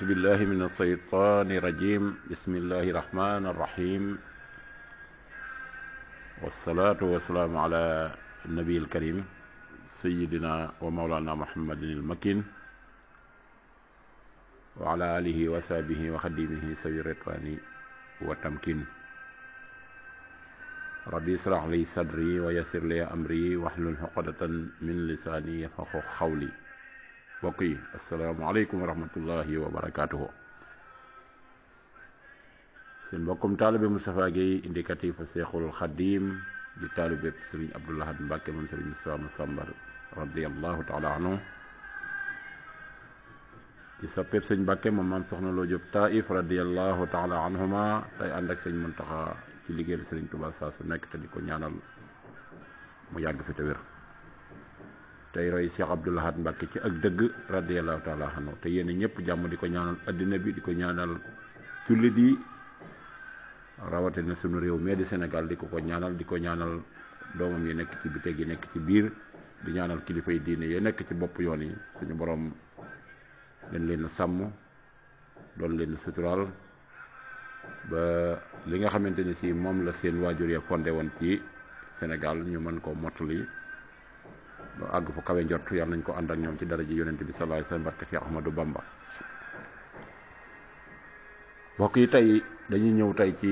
أعوذ بالله من الشيطان الرجيم بسم الله الرحمن الرحيم والصلاة والسلام على النبي الكريم سيدنا ومولانا محمد المكين وعلى آله وصحبه وخديمه سوي الرضوان والتمكين ربي اشرح لي صدري ويسر لي أمري واحلل عقدة من لساني يفقهوا قولي mbokk yi asalaamaaleykum wa rahmatullahi wa barakaatuhu seen mbokkum taalibe Moustapha Gueye indicatif Seexul Xadiim di taalibe Sëriñ Abdou Lahad Mbàkke man Sëriñ Moustapha Massambar radiallahu taala anhu ci soppeeb sëñ Mbàkke moom maam soxna Loo Jóob Taif radiallahu taala anhuma tey ànd ak sëñ Muntaxa ci liggéeyal Sëriñ Tuubaa saa su nekk te di ko ñaanal mu yàgg fi te wér tey roy Cheikh Abdoul Ahad Mbacké ci ak dëgg radiyallahu taala anhu te yéen ñëpp jàmm di ko ñaanal addina bi di ko ñaanal jullit yi na sunu réew mee di Sénégal di ko ko ñaanal di ko ñaanal doomam yi nekk ci bite gi nekk ci biir di ñaanal kilifa yi diine yi nekk ci bopp yoon yi suñu borom leen leen sàmm doon leen suturaal ba li nga xamante ne si moom la seen waajur ya fondé woon ci Sénégal ñu mën ko mottali àgg fu kawe njort yàlla nañ ko ànd ak ñoom ci dara ji yonent bi sallallahu alayhi wasallam barke Cheikh Ahmadou Bamba mbokk yi tey dañuy ñëw tey ci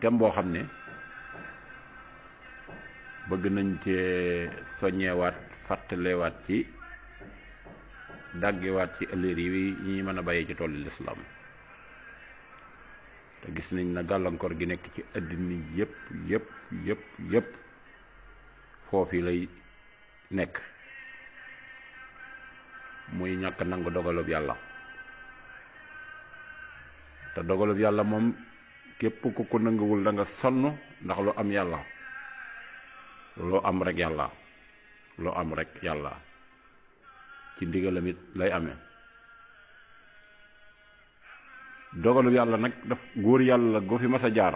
thème boo xam ne bëgg nañ cee soññeewaat fàttalewaat ci dàggewaat ci ëllëg yi ñuy mën a bàyyee ci tollu lislaam te gis nañ na gàllankoor gi nekk ci àddina yépp yépp yépp yépp foofu lay nekk muy ñàkk nangu dogalub yàlla te dogalub yàlla moom képp ku ko nanguwul da sonn ndax lu am yàlla loo am rek yàlla loo am rek yàlla ci ndigalam it lay amee dogalub yàlla nag daf góor yàlla goo fi mas a jaar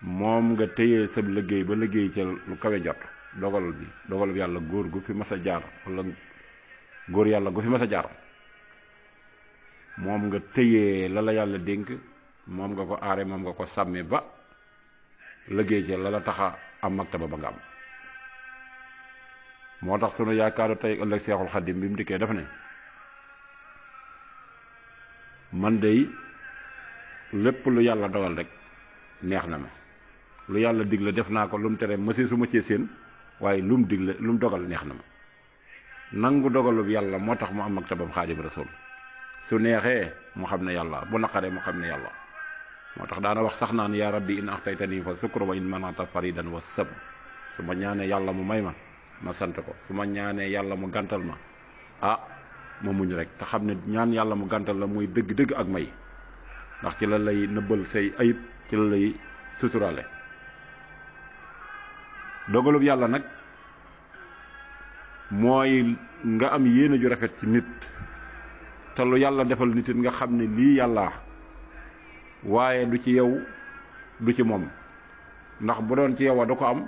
moom nga téye sab liggéey ba liggéey ca lu kawe jot dogal bi dogalub yàlla góor gu fi mas a jaar wala góor yàlla gu fi mas a jaar moom nga téye lala yàlla dénk moom nga ko aare moom nga ko sàmme ba liggéey ca la la taxa am maktaba ba nga am moo tax sunu yaakaaru tey ëllëg seexul xaddim bi mu dikkee dafa ne man day lépp lu yàlla dogal rek neex na ma lu yàlla digle def naa ko lu mu tere masi su ma cee seen waaye lu mu digle lu mu dogal neex na ma nangu dogalub yàlla moo tax mu am ak tabam xaadim rasul su neexee mu xam ne yàlla bu naqaree mu xam ne yàlla moo tax daana wax sax naan yaa rabbi in axtaytani fa sukkur wa in manata faridan wa sab su ma ñaanee yàlla mu may ma ma sant ko su ma ñaanee yàlla mu gàntal ma ah ma muñ rek te xam ne ñaan yàlla mu gàntal la mooy dëgg-dëgg ak may ndax ci la lay nëbbal say ayib ci la lay suturale dogalub yàlla nag mooy nga am yéene ju rafet ci nit te lu yàlla defal nit it nga xam ne lii yàlla waaye du ci yow du ci moom ndax bu doon ci yow a ko am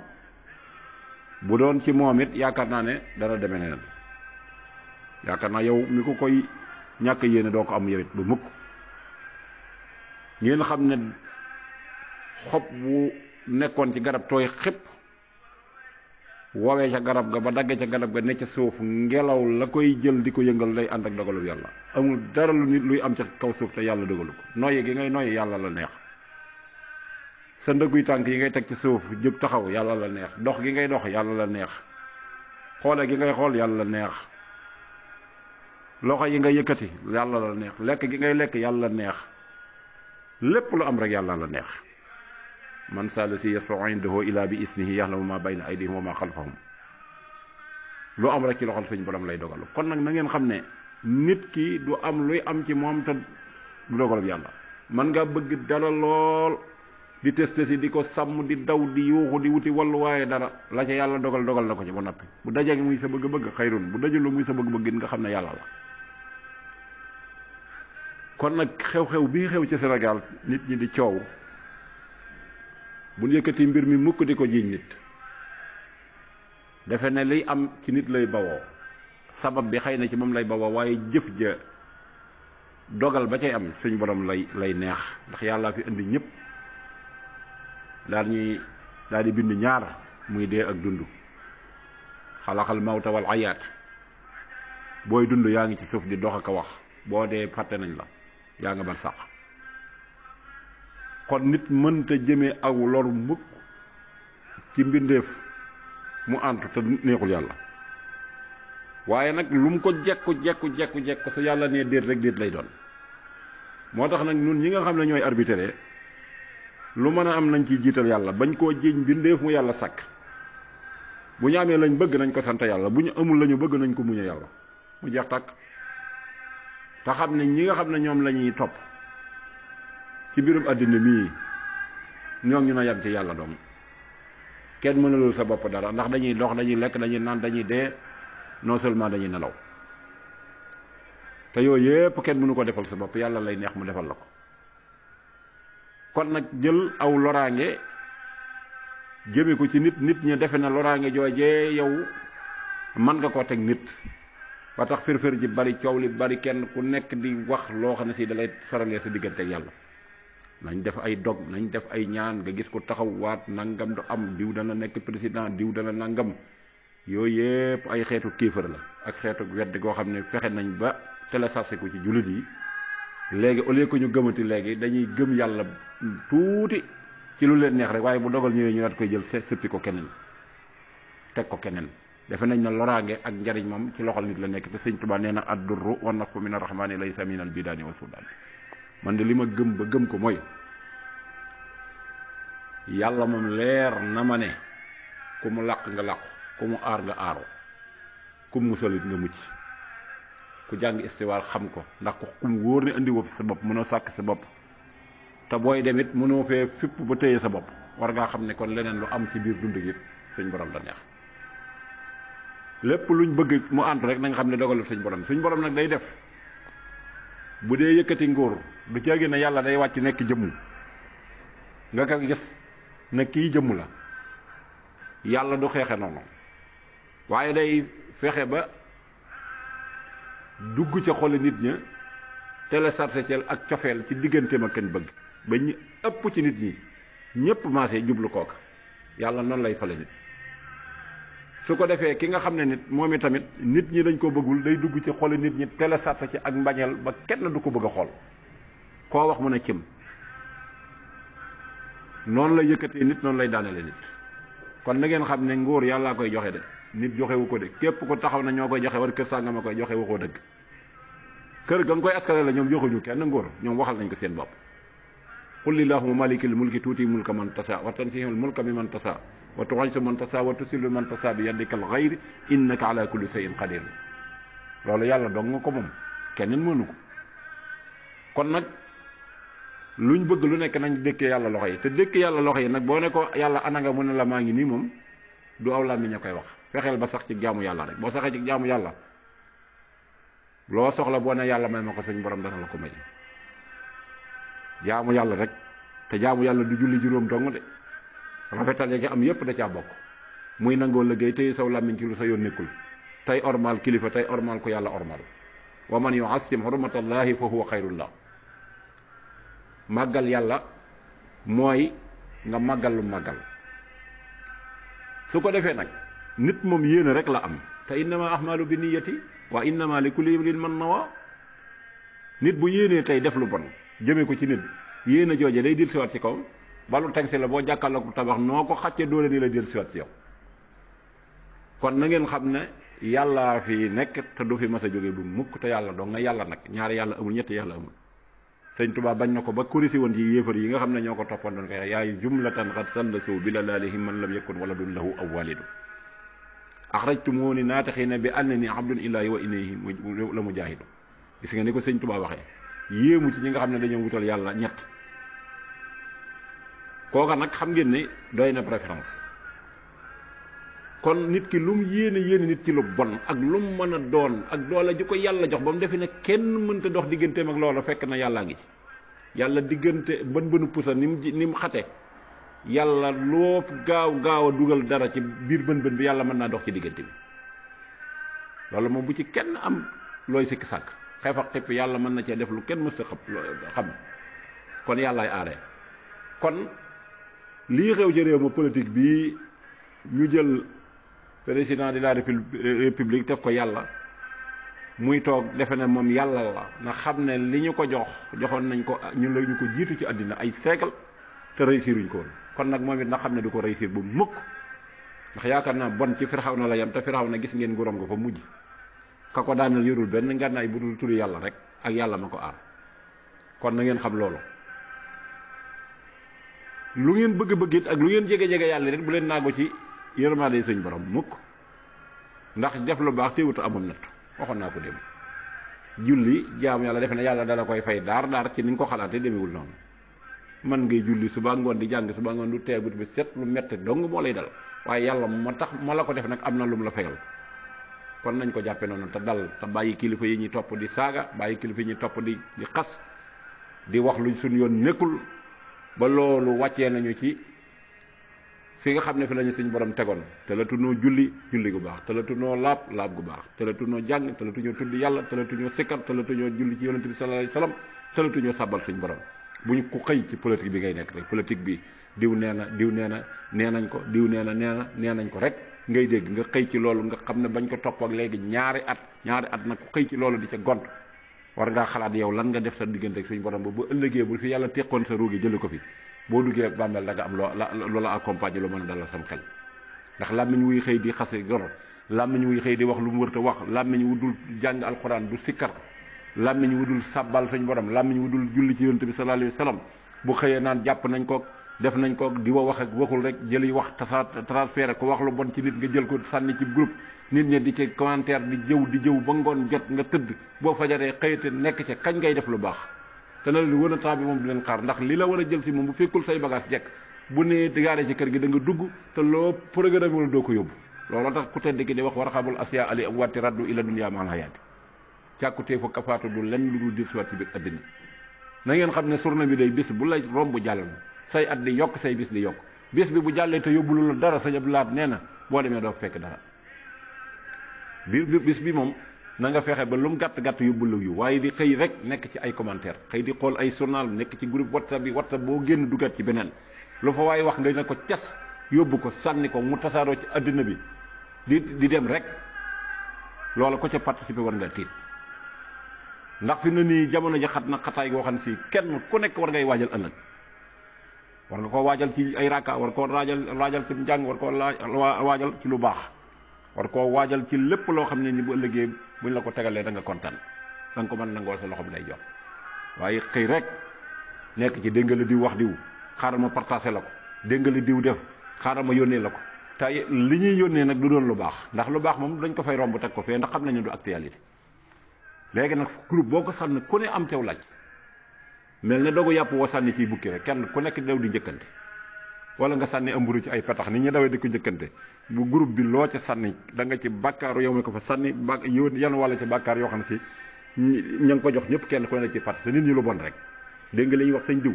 bu doon ci moom it yaakaar naa ne dana deme neneen yaakaar naa yow mi ko koy ñàkk yéene doo ko am yowit bu mukk ngeen xam ne xob bu nekkoon ci garab tooy xépp woowee ca garab ga ba daggee ca garab ga ne ca suuf ngelaw la koy jël di ko yëngal day ànd ak dogalu yàlla amul dara lu nit luy am ca kaw suuf te yàlla dogalu ko noyyi gi ngay noyyi yàlla la neex sa ndëgguy tànk yi ngay teg ci suuf jóg taxaw yàlla la neex dox gi ngay dox yàlla la neex xoole gi ngay xool yàlla la neex loxo yi nga yëkkati yàlla la neex lekk gi ngay lekk yàlla la neex lépp lu am rek yàlla la neex man saa la si yasfau indahu illa bi isnihi yaxlamu ma bayna aydihim wa ma xalfahum lu am rek ci loxol suñ borom lay dogal kon nag na ngeen xam ne nit ki du am luy am ci moom te du dogal yàlla man nga bëgg dara lool di testé si di ko sàmm di daw di yuuxu di wuti wallu waaye dara la ca yàlla dogal dogal na ko ci ba noppi bu dajee muy sa bëgg-bëgg xayrun bu dajalu muy sa bëgg-bëgg nga xam ne yàlla kon nag xew-xew bi xew ci senegaal nit ñi di coow bu yëkkati mbir mi mukk di ko jiiñ nit defe ne liy am ci nit lay bawoo sabab bi xëy na ci moom lay bawoo waaye jëf ja dogal ba cay am suñ borom lay lay neex ndax yàllaa fi indi ñëpp daal ñuy daal di bind ñaar muy dee ak dund xalaxal mawta wal ayaat booy dund yaa ngi ci suuf di dox ak a wax boo dee fàtte nañ la yaa nga bar sàq kon nit mënta jëme aw lor mukk ci mbindeef mu àntu te neexul yàlla waaye nag lu mu ko jekku jekku jekku jekku su yàlla nee déet rek déet lay doon moo tax nag ñun ñi nga xam ne ñooy arbitere lu mën a am nañ ciy jiital yàlla bañ koo jiiñ mbindeef mu yàlla sàkk bu ñu amee lañ bëgg nañ ko sant yàlla bu ñu amul lañu bëgg nañ ko muñe yàlla mu jeex tàkk te xam ne ñi nga xam ne ñoom la topp ci biirum àddina mii ñoom ñu na yem ci yàlla doom kenn mënalul sa bopp dara ndax dañuy dox dañuy lekk dañuy naan dañuy dee non seulement dañuy nelaw te yooyu yépp kenn mënu ko defal sa bopp yàlla lay neex mu defal la ko kon nag jël aw loraange jëme ko ci nit nit ñi defe na loraange joojee yow mën nga koo teg nit ba tax fër-fër ji bari coow li bari kenn ku nekk di wax loo xam ne si dalay faralee sa diggante yàlla nañ def ay dog nañ def ay ñaan nga gis ko taxaw waat nangam du am diw dana nekk président diw dana nangam yooyu yëpp ay xeetu kiifar la ak xeetu wedd goo xam ne fexe nañ ba téléchargé ko ci jullit yi léegi au lieu que ñu gëmati léegi dañuy gëm yàlla tuuti ci lu leen neex rek waaye bu dogal ñëwee ñu naat koy jël sëppi ko keneen teg ko keneen defe nañ na loraange ak njariñ moom ci loxol nit la nekk te sëñ Tuubaa nee na addurru wa nafu min arrahmaani laysa min al bidaani wa sudaani man de li ma gëm ba gëm ko mooy yàlla moom leer na ma ne ku mu làq nga làqu ku mu aar nga aaru ku mu musalit nga mucc ku jàng istiwaar xam ko ndax ko ku mu wóor ne indi woo sa bopp mënoo sàkk sa bopp te booy dem it mënoo fee fipp ba téye sa bopp war ngaa xam ne kon leneen lu am si biir dund gi yëpp suñ borom la neex lépp luñ bëgg mu àntu rek na xam ne dogalu suñ borom suñ borom nag day def bu dee yëkkati nguur du caa gën a yàlla day wàcc nekk jëmm nga ko gis ne kii jëmm la yàlla du xeexe noonu waaye day fexe ba dugg ca xoli nit ña téléchargé ak cofeel ci digganteem ak kenn bëgg ba ñu ëpp ci nit ñi ñëpp maase jublu kooka yàlla noonu lay fale nit su ko defee ki nga xam ne nit moom i tamit nit ñi lañ ko bëggul day dugg ci xoli nit ñi telesàtta ci ak mbañeel ba kenn du ko bëgg a xool koo wax mun a cim noonu la yëkkatee nit noonu lay daanele nit kon na ngeen xam ne nguur yàllaa koy joxe de nit joxewu ko de képp ku taxaw na ñoo koy joxe war kër sàngam a koy joxe waxoo dëgg kër ga nga koy askale la ñoom joxuñu kenn nguur ñoom waxal nañ ko seen bopp qul illahuma malikil mulki tuuti mulka man tasa wa tanfihul mulka mi man tasa wa tu'izzu man tasa wa tusillu man tasa bi yadika al-ghayr innaka ala sa shay'in qadir loolu yàlla dong nga ko moom keneen mënu ko kon nag luñ bëgg lu nekk nañ dëkkee yàlla loxo yi te dékk yàlla loxo yi nag boo ne ko yàlla ana nga mu ne la maa ngi nii moom du aw làmmiñ a koy wax fexeel ba sax ci jaamu yàlla rek boo saxee ci jaamu yàlla loo soxla boo ne yàlla may ma ko suñ borom dana la ko may jaamu yàlla rek te jaamu yàlla du julli juróom rafetal ya ca am yépp da caa bokk muy nangoo liggéey tey saw làmmiñ ci lu sa yoon nekkul tey ormal kilifa tey ormal ko yàlla ormal wa man yuassim hurmatallahi fa huwa xayrul la màggal yàlla mooy nga màggal lu màggal su ko defee nag nit moom yéene rek la am te innama ahmalu bi niyati wa innama li kulli imrin man nawa nit bu yéenee tey def lu bon jëmee ko ci nit yéene jooje day dil ci kaw balu taxi la boo jàkkaarloog tabax noo ko xàccee doole di la jël siwaat si yow kon na ngeen xam ne yàlla fii nekk te du fi mas a jóge bu mukk te yàlla dong na yàlla nag ñaari yàlla amul ñetti yàlla amul sëñ Tuubaa bañ na ko ba korisi woon ci yéefar yi nga xam ne ñoo ko toppoon ko koy yaay jumlatan xat sallasu bi la laalihim man lam yakun waladun lahu aw walidu axrajtumuuni naatixiina bi annani abdun ilaahi wa ilayhi la mujaahidu gis nga ni ko sëñ Tuubaa waxee yéemu ci ñi nga xam ne dañoo wutal yàlla ñett kooka nag xam ngeen ne doy na préférence kon nit ki lu mu yéene yéene nit ci lu bon ak lu mu mën a doon ak doole ji ko yàlla jox ba mu defe ne kenn mënta dox digganteem ak loola fekk na yàllaa ngi ci yàlla diggante bën bënu pusa ni mu ni mu xate yàlla loo gaaw gaaw a dugal dara ci biir bën bën bi yàlla mën naa dox ci diggante bi loolu moom bu ci kenn am looy sikk sàkk xef xipp yàlla mën na cee def lu kenn mësta xam xam kon yàllaay aaree kon lii xew ci réew ma politique bi ñu jël président de la république def ko yàlla muy toog defe ne moom yàlla la na xam ne li ñu ko jox joxoon nañ ko ñun la ñu ko jiitu ci àddina ay siècle te réussiruñ ko kon nag moom it na xam ne du ko réussir bu mukk ndax yaakaar naa bon ci firxaw na la yam te firxaw na gis ngeen nguuram nga fa mujj ka ko daaneel yorul benn ngànnaay bu dul turu yàlla rek ak yàlla ma ko aar kon na ngeen xam loolu lu ngeen bëgg bëgg it ak lu ngeen jege jege yàlla rek bu leen naagu ci yërmaande sëñ borom mukk ndax def lu baax téewut amul natt waxoon naa ko dem julli jaamu yàlla defe na yàlla dala koy fay daar daar ci ni nga ko xalaatee demewul noonu man ngay julli suba ngoon di jàng suba ngoon du teegut bi set lu metti dong moo lay dal waaye yàlla ma tax ma la ko defe nag am na lu la fayal kon nañ ko jàppe noonu te dal te bàyyi kilifa yi ñu topp di saaga bàyyi kilifa yi ñuy topp di di xas di wax lu suñ yoon nekkul ba loolu wàccee nañu ci fi nga xam ne fi lañu suñ borom tegoon te la julli julli gu baax te la tunoo laab laab gu baax te la tunoo jàng te la tudd yàlla te la tunoo sikkar ñoo julli ci yonent bi sallallahu alayhi wasallam te la sàbbal suñ borom bu ñu ko xëy ci politique bi ngay nekk rek politique bi diw nee na diw nee na nee nañ ko diw nee na nee nee nañ ko rek ngay dégg nga xëy ci loolu nga xam ne bañ ko topp ak léegi ñaari at ñaari at nag ku xëy ci loolu di ca gont war ngaa xalaat yow lan nga def sa diggante ak suñu borom ba bu ëllëgee bu fi yàlla teqoon sa ruugi jëlee ko fi boo duggee bàmmeel da nga am loo loo la accompagner lu mën a dalal sam xel ndax làmmiñ wuy xëy di xase gor làmmiñ wuy xëy di wax lu mu wërta wax làmmiñ wu dul jàng alxuraan du sikkar làmmiñ wu dul sàbbal suñu borom làmmiñ wu dul julli ci yonent bi sallallahu alayhi wa sallam bu xëyee naan jàpp nañ ko def nañ ko di wa wax ak waxul rek jëli wax transfert ko wax lu bon ci nit nga jël ko sànni ci group nit ñi di ci commentaire di jëw di jëw ba ngoon jot nga tëdd boo fajaree xëyate nekk ci kañ ngay def lu baax te na leen wën a temps bi moom di leen xaar ndax li la war a jël si moom bu fekkul say bagage jekk bu nee digaaree ci kër gi danga dugg te loo programme wala doo ko yóbbu looloo tax ku tedd ki di wax war xabul asiya ali am watti raddu ila dunya maal hayaati càkkutee fa kafaatu du lenn lu dul dir siwaat ci biir addina na ngeen xam ne surna bi day bés bu lay romb jàll na say at di yokk say bis di yokk bis bi bu jàllee te yóbbulu la dara sa laat nee na boo demee doo fekk dara bi bis bi moom na nga fexe ba lu mu gàtt-gàtt yóbbulu yu waaye di xëy rek nekk ci ay commentaire xëy di xool ay journal nekk ci groupe whatsapp bi whatsapp boo génn dugat ci beneen lu fa waaye wax nga ne ko cas yóbbu ko sànni ko mu tasaaroo ci àddina bi di di dem rek loola ko ca participer war nga tiit ndax fi ne nii jamono ji xat na xataay goo xam si kenn ku nekk war ngay waajal ëllëg war nga koo waajal ci ay rakka war koo raajal waajal ci njàng war koo waajal ci lu baax war koo waajal ci lépp loo xam ne ni bu ëllëgee buñ la ko tegalee danga nga danga ko mën nangoo sa loxo bi lay jox waaye xëy rek nekk ci dégg la diw wax diw xaaral ma partagé la ko dégg la diw def xaaral ma yónnee la ko te li ñuy yónnee nag du doon lu baax ndax lu baax moom dañ ko fay romb teg ko fee ndax xam nañu du actualité léegi nag groupe boo ko sànn ku ne am teew laaj mel na dogu yàpp woo sànni fii bukki rek kenn ku nekk di daw di njëkkante wala nga sànni amburu ci ay petax ni ñu dawee di ko njëkkante bu group bi loo ca sànni da nga ci bàkkaaru yow mi ko fa sànni yow yan wala ci bàkkaar yoo xam ne si ña ngi ko jox ñëpp kenn ku ci fàtte te nit ñi lu bon rek dégg nga li ñuy wax sañ diw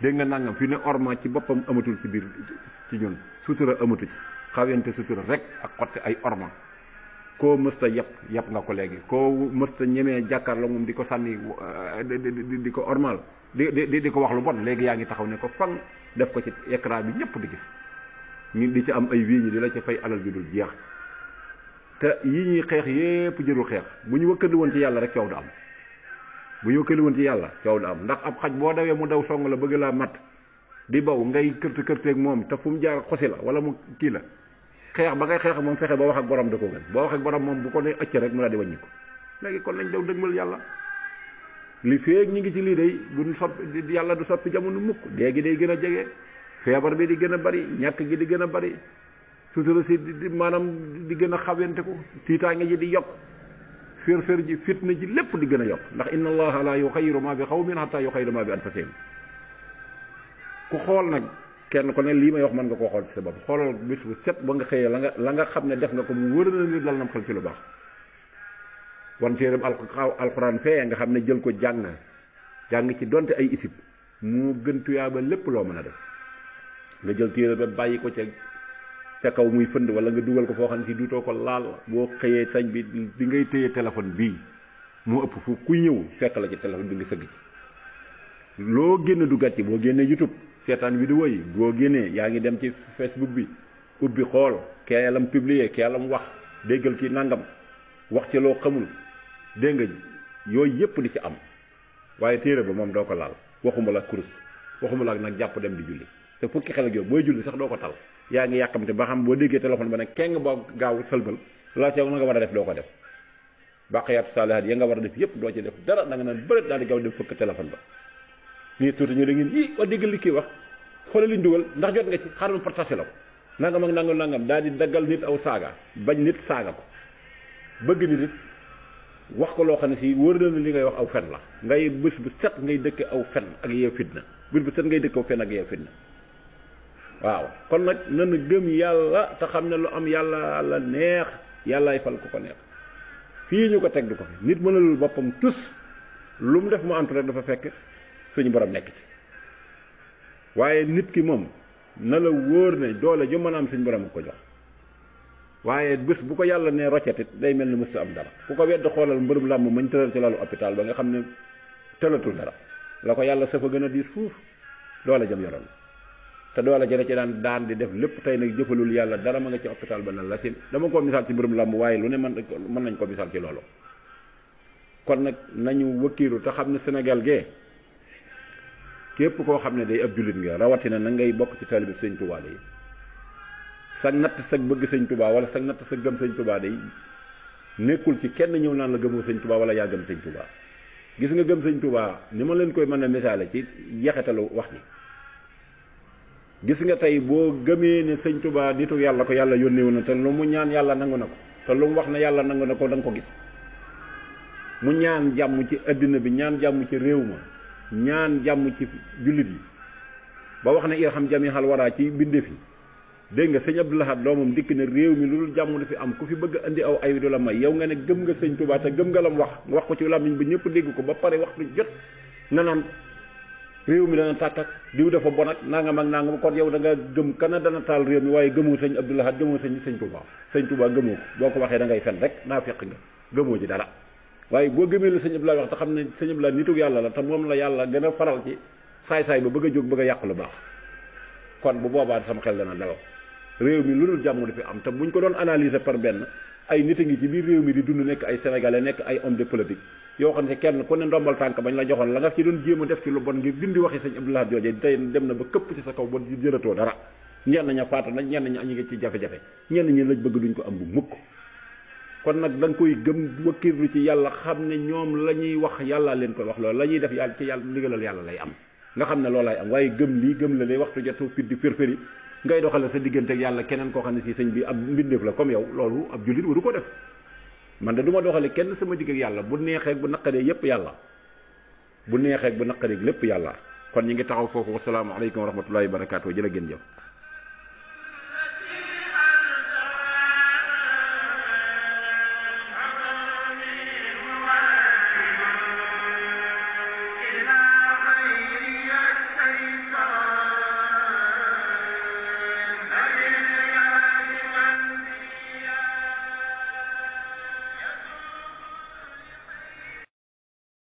dégg nga nangam fi ne orma ci boppam amatul si biir ci ñun sutura amatu ci xawente sutura rek ak xotte ay orma koo mësta yàpp yàpp nga ko léegi koo mësta ñemee jàkkaarloo moom di ko sànni euh, di ko ormal di di di ko wax lu bon léegi yaa ngi taxaw ne ko fan def ko ci écran bi ñëpp di gis ñu di ci am ay wii di la ci fay alal ju dul jeex te yi ñuy xeex yépp jërul xeex bu ñu wëkkali woon ci yàlla rek coow du am bu ñu woon ci yàlla coow du am ndax ab xaj boo dawee mu daw song la bëgg laa matt di bow ngay kërte kërteeg moom te fu mu jaar xosi la wala mu kii la xeex ba ngay xeex moom fexe ba wax ak borom da koo gën boo wax ak borom moom bu ko ne ëcc rek mu la di wàññi ko léegi kon nañ yàlla li feeg ñi ngi ci lii day buñ soppi yàlla du soppi jamono mukk gi day gën a jege feebar bi di gën a bari ñàkk gi di gën a bari sutura si di maanaam di gën a xawente ko tiitaange ji di yokk fér-fér ji fitna ji lépp di gën a yokk ndax inna allaha la yuxayiru ma bi xawmin hatta yuxayiru ma bi anfusihim ku xool nag kenn ko ne lii may wax mën nga koo xool ci sa bopp xoolal bis bu set ba nga xëyee la nga la nga xam ne def nga ko mu wër na ni dal nam xel ci lu baax wan téeram alxuraan fee nga xam ne jël ko jàng jàng ci donte ay isib moo gën tuyaaba lépp loo mën a def nga jël téere ba bàyyi ko ca ca kaw muy fënd wala nga dugal ko foo xam ne si duutoo ko laal boo xëyee sañ bi di ngay téye téléphone bii moo ëpp fu ku ñëw fekk la ci téléphone bi nga sëgg ci loo génn dugat yi boo génnee YouTube seetaan vidéo yi boo génnee yaa ngi dem ci Facebook bi ubbi xool keelam publier keelam wax déggal kii nangam wax ci loo xamul dégg nga yooyu yëpp di ci am waaye téere ba moom doo ko laal waxuma la kurus waxuma la nag jàpp dem di julli te fukki xel booy julli sax doo ko tal yaa ngi yàkkamte ba xam boo déggee téléphone ba nag keng boo gaaw sëlbal la ca nga war a def doo ko def baqiyatu saalihaat ya nga war a def yëpp doo ci def dara da nga naan bëreet daal di gaaw dem fëkk téléphone ba nii surtout ñu da ngeen i wax déggal li kii wax xoolal li dugal ndax jot nga ci xaaral ma partagé la ko nangam ak nangam nangam daal di daggal nit aw saaga bañ nit saaga ko bëgg wax ko loo xam ne si wër na li ngay wax aw fen la ngay bés bu set ngay dëkkee aw fen ak yeew fitna bés bu set ngay dëkk aw fen ak waaw kon nag nanu gëm yàlla te xam ne lu am yàlla la neex yàllaay fal ku ko neex fii ñu ko teg du ko fi nit mënalul boppam tus lu mu def mu antu rek dafa fekk suñu borom nekk ci waaye nit ki moom na la wóor ne doole ju mën a am suñu borom ko jox waaye bés bu ko yàlla ne roccetit day mel ni mësta am dara ku ko wedd xoolal mbërub làmb mañ tëral ci lalu hôpital ba nga xam ne tëlatul dara la ko yàlla sa fa gën a diis fuuf doole jëm yoroon te doole jëre ci daan daan di def lépp tey nag jëfalul yàlla dara ma nga ci hôpital ba la lasin dama koo misaal ci mbërub làmb waaye lu ne mën mën nañ ko misaal ci loolu kon nag nañu wëkkiiru te xam ne senegal gee képp koo xam ne day ab jullit nga rawatina na ngay bokk ci taalibe Sëñ Tuubaa yi sag natt sag bëgg sëñ tubaa wala sag natt sag gëm sëñ tubaa day nekkul ci kenn ñëw naan la gëmoo sëñ tubaa wala yaa gëm sëñ tubaa gis nga gëm sëñ tubaa ni ma leen koy mën a misaale ci yaxetalu wax ni gis nga tey boo gëmee ne sëñ tubaa nitu yàlla ko yàlla yónnee wu na te lu mu ñaan yàlla nangu na ko te lu mu wax na yàlla nangu na ko danga ko gis mu ñaan jàmm ci àddina bi ñaan jàmm ci réew ma ñaan jàmm ci jullit yi ba wax ne irham jami xal waraa ci bindeef yi dégg nga sëñ Abdou Lahad doomam dikk na réew mi lu dul jàmm fi am ku fi bëgg andi aw ay du la may yow nga ne gëm nga sëñ Tuubaa te gëm nga lam wax nga wax ko ci làmmiñ ba ñëpp dégg ko ba pare waxtu jot nga naan réew mi dana tàkk ak diw dafa bon ak nangam ak nangam kon yow da nga gëm kana dana taal réew mi waaye gëmoo sëñ Abdou Lahad gëmoo sëñ sëñ Tuubaa sëñ Tuubaa gëmoo ko boo ko waxee da ngay fen rek naa feq nga gëmoo ji dara waaye boo gëmee la sëñ Abdou Lahad wax xam ne sëñ Abdou Lahad yàlla la te moom la yàlla gën a faral saay-saay bëgg a bëgg a yàq lu baax kon bu boobaa sam xel dana dalal réew mi lu dul jàmm du fi am te buñ ko doon analyser par benn ay nit a ngi ci biir réew mi di dund nekk ay sénégalais nekk ay homme de politique yoo xam ne kenn ku ne ndombal tànk bañ la joxoon la nga ci doon jéem a def ci lu bon ngir dindi waxi sëñ Abdou Lahad jooje tey dem na ba këpp ci sa kaw ba jëlatoo dara ñenn ñu ngi ci jafe-jafe ñenn ñi lañ bëgg duñ ko am bu mukk kon nag da nga koy gëm wakkirlu ci yàlla xam ne ñoom la ñuy wax yàlla leen koy wax loolu la ñuy def yàlla ci yàlla ndigalal yàlla lay am nga xam ne loolu lay am waaye gëm lii gëm la lay waxtu jot fit di firfiri ngay doxale sa diggante ak yàlla keneen koo xam ne si sëñ bi ab mbindeef la comme yow loolu ab jullit waru ko def man de du ma doxale kenn sama digg ak yàlla bu neexee bu naqaree yëpp yàlla bu neexee bu naqaree lépp yàlla kon ñu ngi taxaw foofu wasalaamaaleykum wa rahmatullahi wa barakaatu jërë ngeen jëf